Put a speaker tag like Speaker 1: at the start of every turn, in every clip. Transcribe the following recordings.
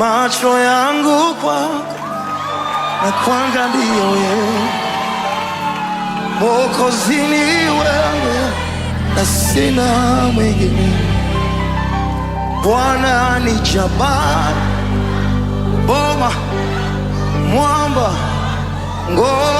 Speaker 1: macho yangu kwako na ndio wewe, Mwokozi ni wewe na sina mwingine. Bwana ni jabari, boma, mwamba, ngome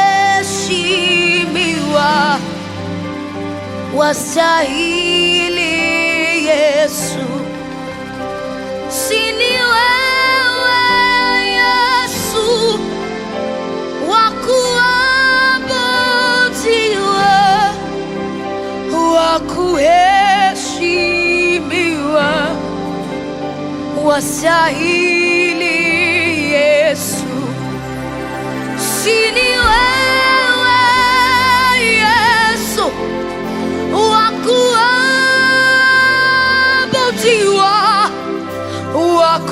Speaker 2: wastahili Yesu, si ni wewe Yesu wa kuabudiwa, wa kuheshimiwa, wastahili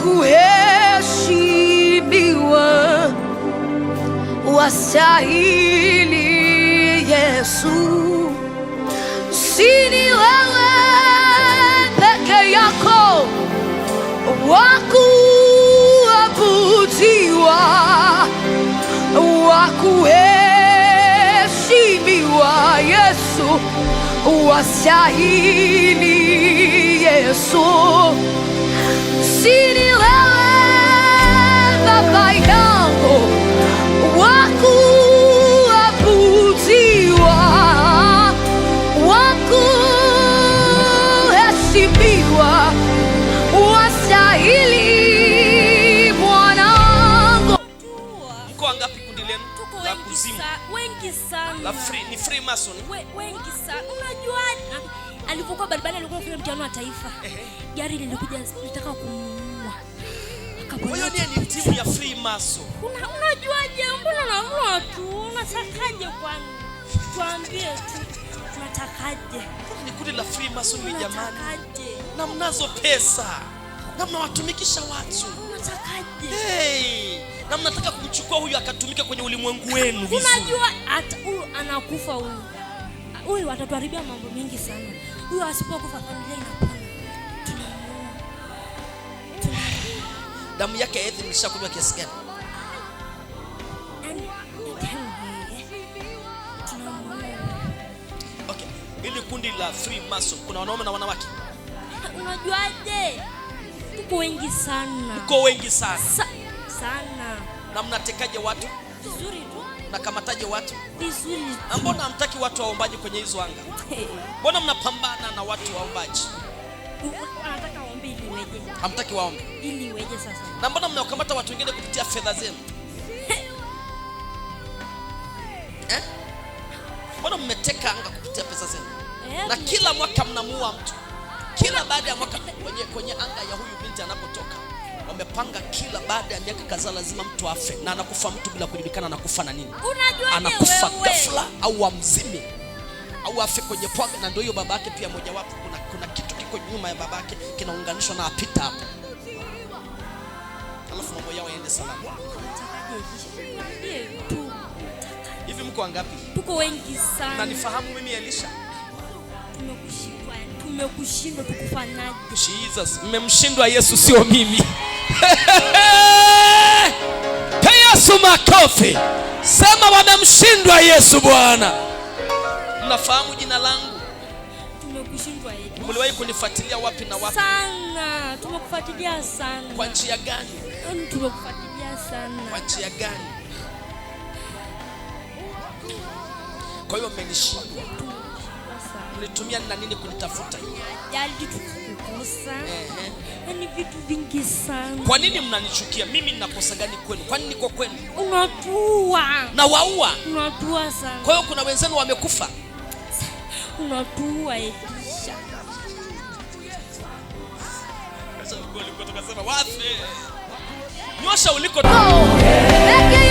Speaker 2: kuheshimiwa, wastahili Yesu, si ni wewe peke yako wa kuabudiwa, wa kuheshimiwa Yesu, wastahili Yesu Сірі лелева байгалу Уаку апудзіва
Speaker 3: wengi sana,
Speaker 4: wengi sana. ni wengi sana. Unajua Alipokuwa barabarani alikuwa kwenye mtihani wa taifa. Gari lilikuja litaka kumuua.
Speaker 3: Kwa hiyo ni timu ya free maso.
Speaker 4: Una unajuaje? Mbona na watu unasakaje kwani? Tuambie tu. tunatakaje.
Speaker 3: Ni kundi la free maso ni jamani. Na mnazo pesa. Na mnawatumikisha watu.
Speaker 4: Unatakaje?
Speaker 3: Hey na mnataka kumchukua huyu akatumike kwenye ulimwengu wenu.
Speaker 4: Unajua hata huyu anakufa huyu, huyu atatuharibia mambo mengi sana huyo asipokufa familia inapona.
Speaker 3: Damu yake Ethel mlishakunywa kiasi gani? Yaani, okay, ili kundi la Free Freemason kuna wanaume na wanawake.
Speaker 4: Unajuaje? Tuko wengi sana.
Speaker 3: Tuko wengi sana. Sa sana. Na mnatekaje watu? Vizuri tu. Nakamataje watu? Vizuri. Mbona hamtaki watu waombaji kwenye hizo anga? Mbona mnapambana na watu waombaji?
Speaker 4: Anataka waombe ili weje.
Speaker 3: Hamtaki waombe
Speaker 4: ili weje? sasa?
Speaker 3: Na mbona mnakamata watu wengine kupitia fedha zenu? Eh? Mbona mmeteka anga kupitia pesa zenu? Eh, na kila mwaka mnamuua mtu. Kila baada ya mwaka kwenye kwenye anga ya huyu binti anapotoka wamepanga kila baada ya miaka kadhaa lazima mtu afe, na anakufa mtu bila kujulikana anakufa na nini.
Speaker 4: Unajua anakufa
Speaker 3: ghafla au amzimi au afe kwenye pwaga, na ndio hiyo baba yake pia mojawapo. Kuna, kuna kitu kiko nyuma ya baba yake kinaunganishwa na apita hapo, alafu mambo yao yaende salama. Hivi mko wangapi?
Speaker 4: Tuko wengi sana.
Speaker 3: Unanifahamu mimi Elisha?
Speaker 4: Tumekushindwa, tumekushindwa tukufanyaje?
Speaker 3: Jesus, mmemshindwa Yesu, sio mimi. Pe Yesu makofi, sema wamemshindwa Yesu. Bwana, mnafahamu jina langu.
Speaker 4: Tumekushindwa Yesu.
Speaker 3: Mliwahi kunifuatilia wapi na wapi?
Speaker 4: Sana. Tumekufuatilia sana.
Speaker 3: Kwa njia gani?
Speaker 4: Yaani tumekufuatilia sana. Kwa
Speaker 3: njia gani? Kwa hiyo mmenishindwa mlitumia na nini kunitafuta?
Speaker 4: Ajali tukukosa. Yaani vitu vingi sana.
Speaker 3: Kwa nini mnanichukia? Mimi ninakosa gani kwenu? Kwa nini niko kwenu?
Speaker 4: Unatua. Na waua. Unatua sana.
Speaker 3: Kwa hiyo kuna wenzenu wamekufa.
Speaker 4: Unatua Elisha.
Speaker 3: Sasa uko uliko tukasema wapi? Nyosha uliko. Oh,